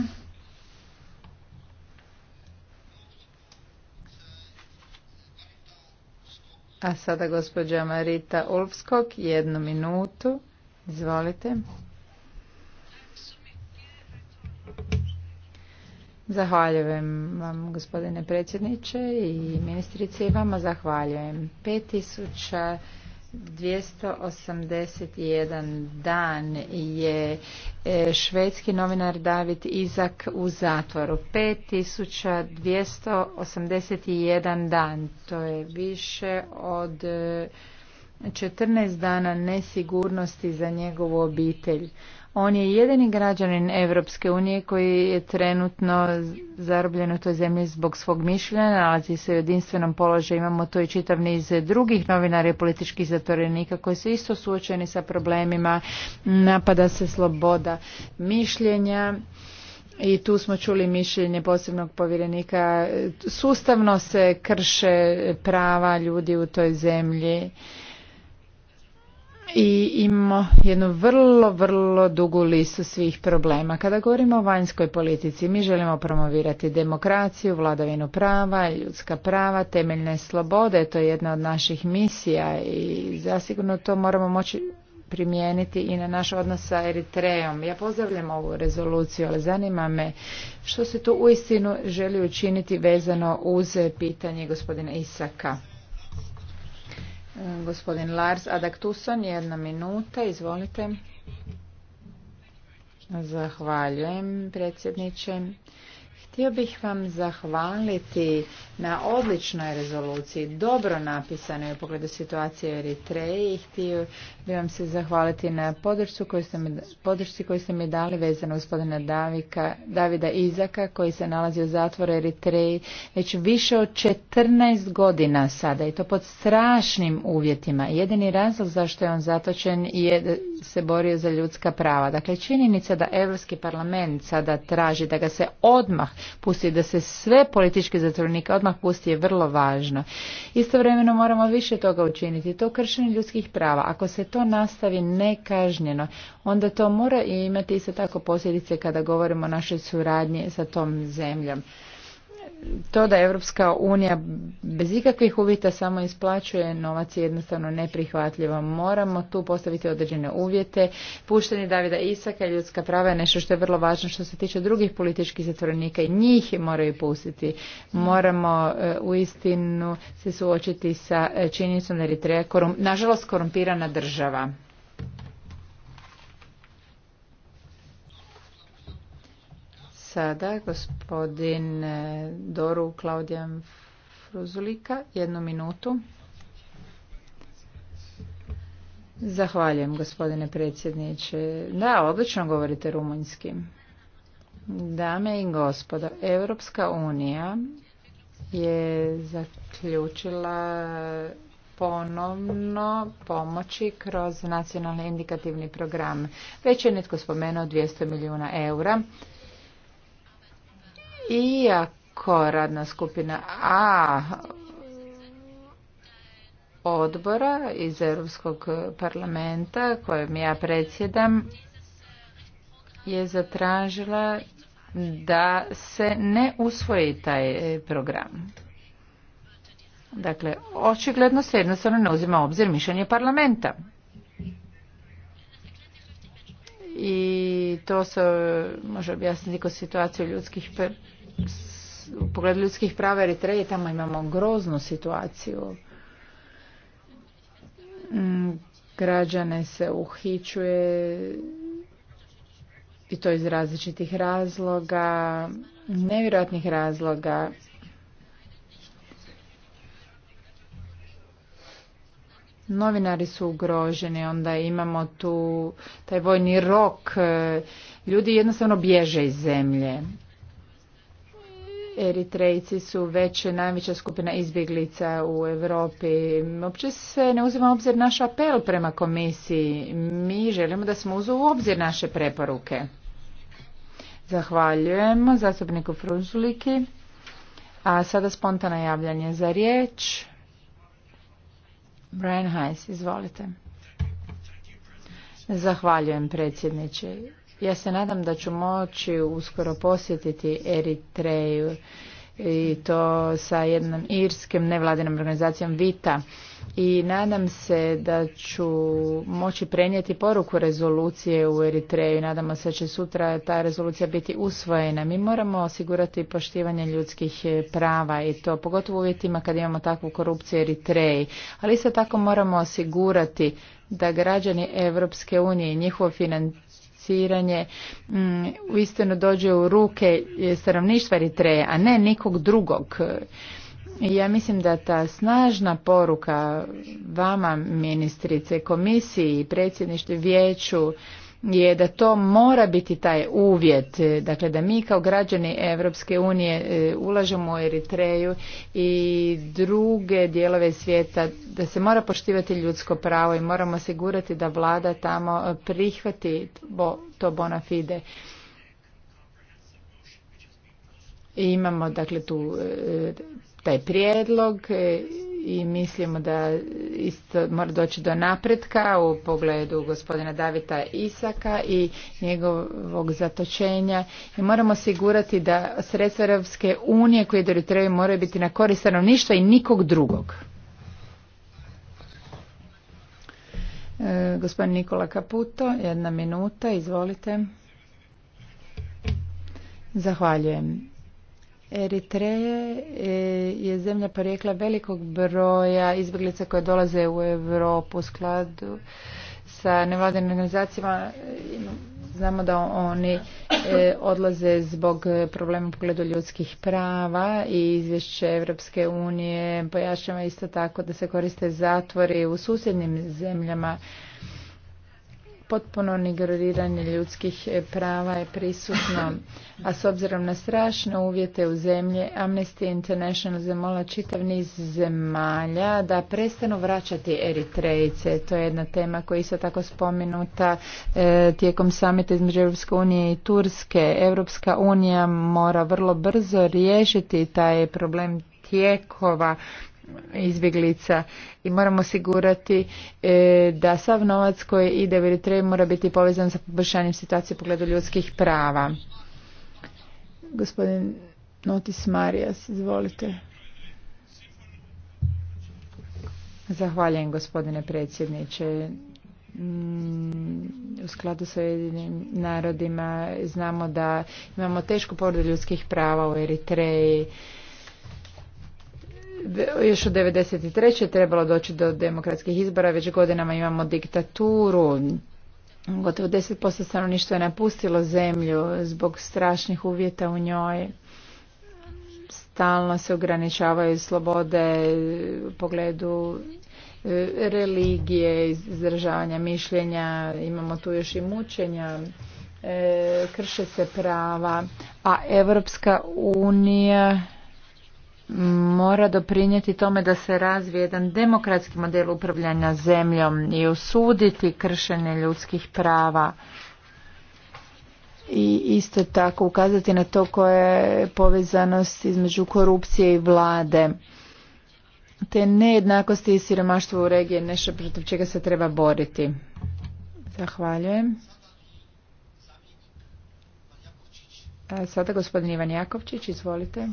A sada gospođa Marita Ulfskog, jednu minutu. Izvolite. Zahvaljujem vam gospodine predsjedniče i ministrice i vama zahvaljujem. 281 dan je e, švedski novinar David Izak u zatvoru. 5281 dan, to je više od 14 e, dana nesigurnosti za njegovu obitelj. On je jedini građanin Europske unije koji je trenutno zarobljen u toj zemlji zbog svog mišljenja, nalazi se u jedinstvenom položaju, imamo to i čitav niz drugih novinara i političkih zatvorenika koji su isto suočeni sa problemima, napada se sloboda mišljenja. I tu smo čuli mišljenje posebnog povjerenika. Sustavno se krše prava ljudi u toj zemlji i imamo jednu vrlo, vrlo dugu listu svih problema. Kada govorimo o vanjskoj politici, mi želimo promovirati demokraciju, vladavinu prava, ljudska prava, temeljne slobode, to je jedna od naših misija i zasigurno to moramo moći primijeniti i na naš odnos sa Eritrejom. Ja pozdravljam ovu rezoluciju, ali zanima me što se tu uistinu želi učiniti vezano uz pitanje gospodina Isaka. Gospodin Lars Adaktuson, jedna minuta, izvolite. Zahvaljujem predsjedniče. Htio bih vam zahvaliti na odličnoj rezoluciji, dobro napisanoj u pogledu situacije u Eritreji. Htio bih vam se zahvaliti na podršci koju ste mi dali vezano gospodina Davida Izaka koji se nalazi u zatvoru Eritreji već više od 14 godina sada i to pod strašnim uvjetima. Jedini razlog zašto je on zatočen je da se borio za ljudska prava. Dakle, činjenica da Europski parlament sada traži da ga se odmah pusti, da se sve političke zatvornike odmah pusti je vrlo važno. Istovremeno moramo više toga učiniti. To kršenje ljudskih prava. Ako se to nastavi nekažnjeno, onda to mora imati isto tako posljedice kada govorimo o našoj suradnji sa tom zemljom to da Europska unija bez ikakvih uvjeta samo isplaćuje novac je jednostavno neprihvatljivo. Moramo tu postaviti određene uvjete. Pušteni Davida Isaka, ljudska prava je nešto što je vrlo važno što se tiče drugih političkih zatvorenika i njih moraju pustiti. Moramo e, u istinu se suočiti sa e, činjenicom da je Eritreja nažalost korumpirana država. sada gospodin e, Doru Klaudijan Fruzulika, jednu minutu. Zahvaljujem gospodine predsjedniče. Da, odlično govorite rumunjski. Dame i gospodo, Europska unija je zaključila ponovno pomoći kroz nacionalni indikativni program. Već je netko spomenuo 200 milijuna eura iako radna skupina A odbora iz Europskog parlamenta kojem ja predsjedam je zatražila da se ne usvoji taj program. Dakle, očigledno se jednostavno ne uzima obzir mišljenje parlamenta. I to se može objasniti kod situaciju ljudskih u pogledu ljudskih prava Eritreje tamo imamo groznu situaciju. Mm, građane se uhićuje i to iz različitih razloga, nevjerojatnih razloga. Novinari su ugroženi, onda imamo tu taj vojni rok. Ljudi jednostavno bježe iz zemlje. Eritrejci su već najveća skupina izbjeglica u Europi. Uopće se ne uzima u obzir naš apel prema komisiji. Mi želimo da smo uzu u obzir naše preporuke. Zahvaljujem zastupniku fruzuliki A sada spontano javljanje za riječ. Brian Heiss, izvolite. Zahvaljujem predsjedniče. Ja se nadam da ću moći uskoro posjetiti Eritreju i to sa jednom irskim nevladinom organizacijom Vita i nadam se da ću moći prenijeti poruku rezolucije u Eritreju. Nadamo se da će sutra ta rezolucija biti usvojena. Mi moramo osigurati poštivanje ljudskih prava i to pogotovo u uvjetima kad imamo takvu korupciju u Eritreji. Ali isto tako moramo osigurati da građani Evropske unije i njihovo financiranje financiranje mm, uistinu dođe u ruke stanovništva Eritreje, a ne nikog drugog. Ja mislim da ta snažna poruka vama, ministrice, komisiji, predsjedništvu, vijeću, je da to mora biti taj uvjet, e, dakle da mi kao građani Europske unije e, ulažemo u Eritreju i druge dijelove svijeta, da se mora poštivati ljudsko pravo i moramo osigurati da vlada tamo e, prihvati to bona fide. I imamo dakle tu taj prijedlog i mislimo da isto mora doći do napretka u pogledu gospodina Davita Isaka i njegovog zatočenja i moramo osigurati da sredstva Europske unije koje do moraju biti na korist ništa i nikog drugog. E, gospodin Nikola Kaputo, jedna minuta, izvolite. Zahvaljujem. Eritreje e, je zemlja porijekla velikog broja izbjeglica koje dolaze u Europu u skladu sa nevladinim organizacijama. Znamo da oni e, odlaze zbog problema u pogledu ljudskih prava i izvješće Europske unije pojašnjava isto tako da se koriste zatvori u susjednim zemljama potpuno ignoriranje ljudskih e, prava je prisutno, a s obzirom na strašne uvjete u zemlji, Amnesty International zamola čitav niz zemalja da prestanu vraćati Eritrejce. To je jedna tema koja je isto tako spomenuta e, tijekom samita između Europske unije i Turske. Europska unija mora vrlo brzo riješiti taj problem tijekova izbjeglica i moramo osigurati e, da sav novac koji ide u Eritreju mora biti povezan sa poboljšanjem situacije u pogledu ljudskih prava. Gospodin Notis Marijas, izvolite. Zahvaljujem gospodine predsjedniče. Mm, u skladu sa jedinim narodima znamo da imamo tešku povredu ljudskih prava u Eritreji još od 93. trebalo doći do demokratskih izbora, već godinama imamo diktaturu. Gotovo 10% stanovništva je napustilo zemlju zbog strašnih uvjeta u njoj. Stalno se ograničavaju slobode u pogledu e, religije, izražavanja mišljenja, imamo tu još i mučenja, e, krše se prava, a Evropska unija mora doprinijeti tome da se razvije jedan demokratski model upravljanja zemljom i osuditi kršenje ljudskih prava i isto tako ukazati na to koje je povezanost između korupcije i vlade. Te nejednakosti i siromaštvo u regiji je nešto protiv čega se treba boriti. Zahvaljujem. sada gospodin Ivan Jakovčić, izvolite.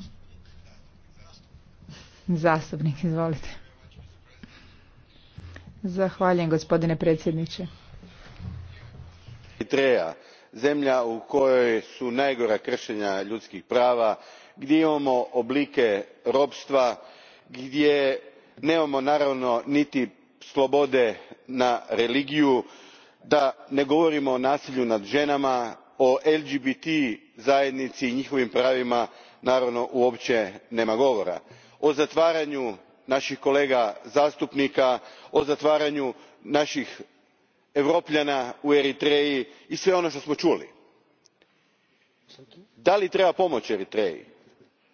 Zastupnik, izvolite. Zahvaljujem gospodine predsjedniče. Eritreja, zemlja u kojoj su najgora kršenja ljudskih prava, gdje imamo oblike ropstva, gdje nemamo naravno niti slobode na religiju, da ne govorimo o nasilju nad ženama, o lgbt zajednici i njihovim pravima naravno uopće nema govora o zatvaranju naših kolega zastupnika o zatvaranju naših europljana u eritreji i sve ono što smo čuli. da li treba pomoći eritreji?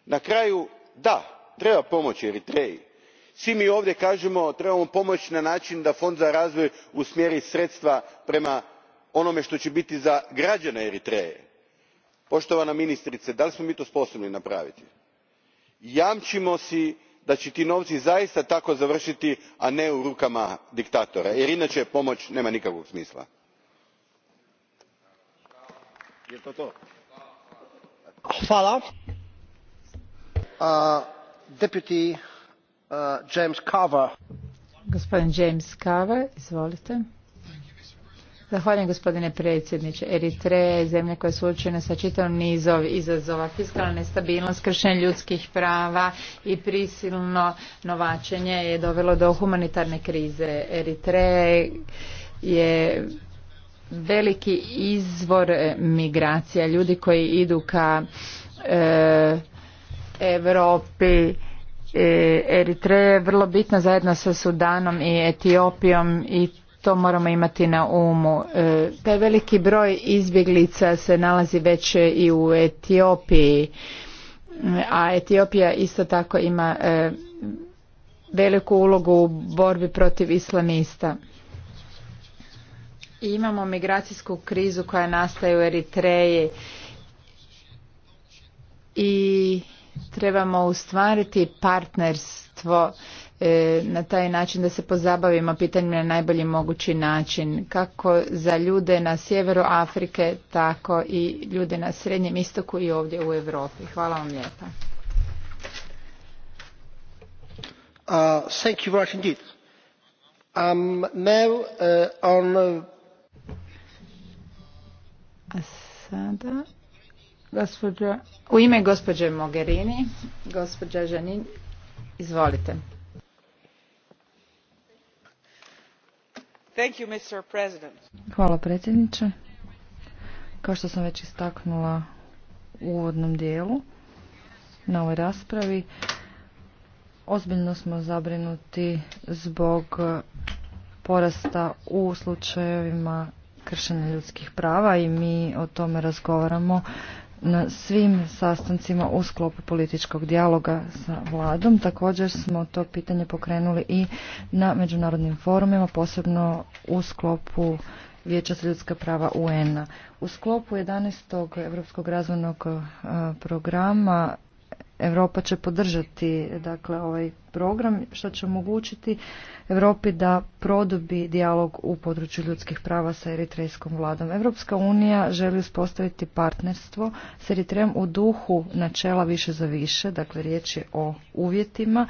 na kraju da treba pomoći eritreji. svi mi ovdje kažemo trebamo pomoći na način da fond za razvoj usmjeri sredstva prema onome što će biti za građane eritreje. poštovana ministrice da li smo mi to sposobni napraviti? jamčimo si da će ti novci zaista tako završiti a ne u rukama diktatora jer inače pomoć nema nikakvog smisla. Zahvaljujem gospodine predsjedniče. Eritreja je zemlja koja je suočena sa čitavom nizom izazova, fiskalna nestabilnost, kršenje ljudskih prava i prisilno novačenje je dovelo do humanitarne krize. Eritreja je veliki izvor migracija, ljudi koji idu ka e, Europi. E, Eritreja je vrlo bitna zajedno sa Sudanom i Etiopijom i to moramo imati na umu. E, taj veliki broj izbjeglica se nalazi već i u Etiopiji, a Etiopija isto tako ima e, veliku ulogu u borbi protiv islamista. I imamo migracijsku krizu koja nastaje u Eritreji i trebamo ustvariti partnerstvo E, na taj način da se pozabavimo pitanjem na najbolji mogući način, kako za ljude na sjeveru Afrike, tako i ljude na Srednjem istoku i ovdje u Europi. Hvala vam lijepa. Uh, thank you very much um, now, uh, on... Uh, A sada gospođa, u ime gospođe Mogherini, gospođa Žanin, izvolite. Hvala predsjedniče. Kao što sam već istaknula u uvodnom dijelu na ovoj raspravi, ozbiljno smo zabrinuti zbog porasta u slučajevima kršenja ljudskih prava i mi o tome razgovaramo na svim sastancima u sklopu političkog dijaloga sa vladom. Također smo to pitanje pokrenuli i na međunarodnim forumima, posebno u sklopu Vijeća za ljudska prava UN-a. U sklopu 11. Europskog razvojnog eh, programa Europa će podržati dakle ovaj program što će omogućiti Europi da produbi dijalog u području ljudskih prava sa eritrejskom vladom. Europska unija želi uspostaviti partnerstvo s Eritrejom u duhu načela više za više, dakle riječ je o uvjetima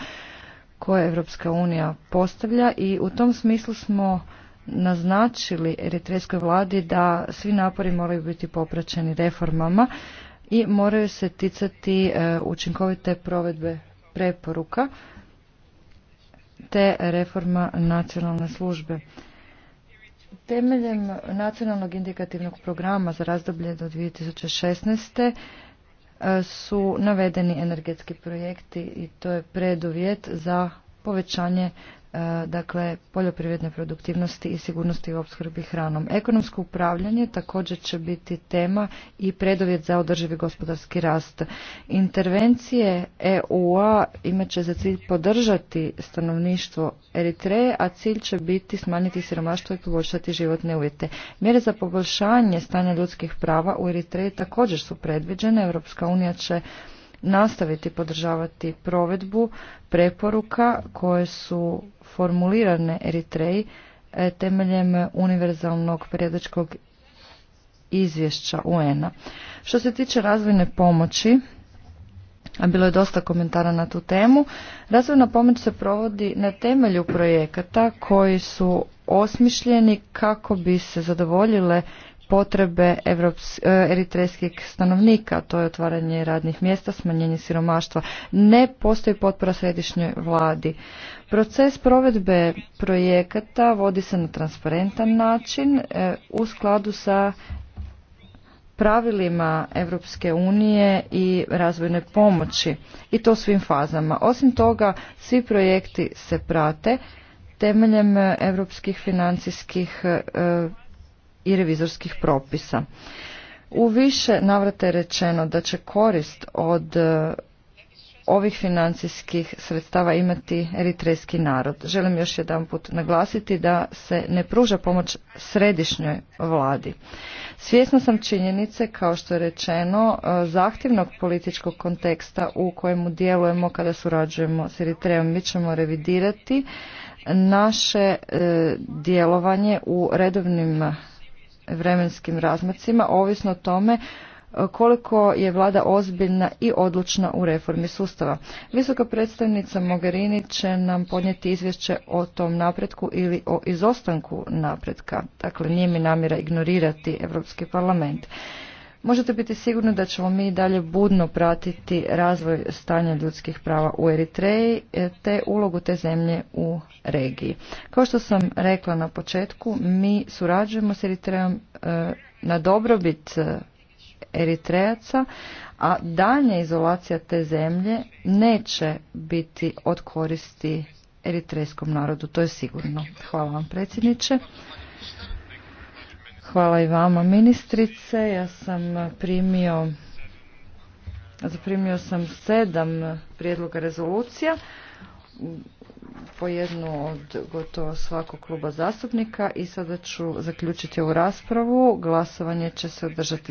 koje Europska unija postavlja i u tom smislu smo naznačili eritrejskoj vladi da svi napori moraju biti popraćeni reformama i moraju se ticati e, učinkovite provedbe preporuka te reforma nacionalne službe. Temeljem nacionalnog indikativnog programa za razdoblje do 2016 e, su navedeni energetski projekti i to je preduvjet za povećanje E, dakle poljoprivredne produktivnosti i sigurnosti u opskrbi hranom. Ekonomsko upravljanje također će biti tema i predovjet za održivi gospodarski rast. Intervencije EU-a imat će za cilj podržati stanovništvo Eritreje, a cilj će biti smanjiti siromaštvo i poboljšati životne uvjete. Mjere za poboljšanje stanja ljudskih prava u Eritreji također su predviđene. Europska unija će nastaviti podržavati provedbu preporuka koje su formulirane Eritreji e, temeljem univerzalnog periodičkog izvješća UN-a. Što se tiče razvojne pomoći, a bilo je dosta komentara na tu temu, razvojna pomoć se provodi na temelju projekata koji su osmišljeni kako bi se zadovoljile potrebe evrops, e, eritrejskih stanovnika, to je otvaranje radnih mjesta, smanjenje siromaštva. Ne postoji potpora središnjoj vladi. Proces provedbe projekata vodi se na transparentan način e, u skladu sa pravilima Europske unije i razvojne pomoći i to svim fazama. Osim toga, svi projekti se prate temeljem europskih financijskih e, i revizorskih propisa. U više navrata je rečeno da će korist od e, ovih financijskih sredstava imati eritrejski narod. Želim još jedanput put naglasiti da se ne pruža pomoć središnjoj vladi. Svjesna sam činjenice, kao što je rečeno, e, zahtjevnog političkog konteksta u kojemu djelujemo kada surađujemo s Eritrejom. Mi ćemo revidirati naše e, djelovanje u redovnim vremenskim razmacima, ovisno o tome e, koliko je vlada ozbiljna i odlučna u reformi sustava. Visoka predstavnica Mogherini će nam podnijeti izvješće o tom napretku ili o izostanku napretka. Dakle, nije mi namjera ignorirati Europski parlament. Možete biti sigurni da ćemo mi dalje budno pratiti razvoj stanja ljudskih prava u Eritreji e, te ulogu te zemlje u regiji. Kao što sam rekla na početku, mi surađujemo s Eritrejom e, na dobrobit e, Eritrejaca, a daljnja izolacija te zemlje neće biti od koristi eritrejskom narodu, to je sigurno. Hvala vam predsjedniče. Hvala i vama ministrice. Ja sam primio zaprimio sam sedam prijedloga rezolucija po jednu od gotovo svakog kluba zastupnika i sada ću zaključiti ovu raspravu. Glasovanje će se održati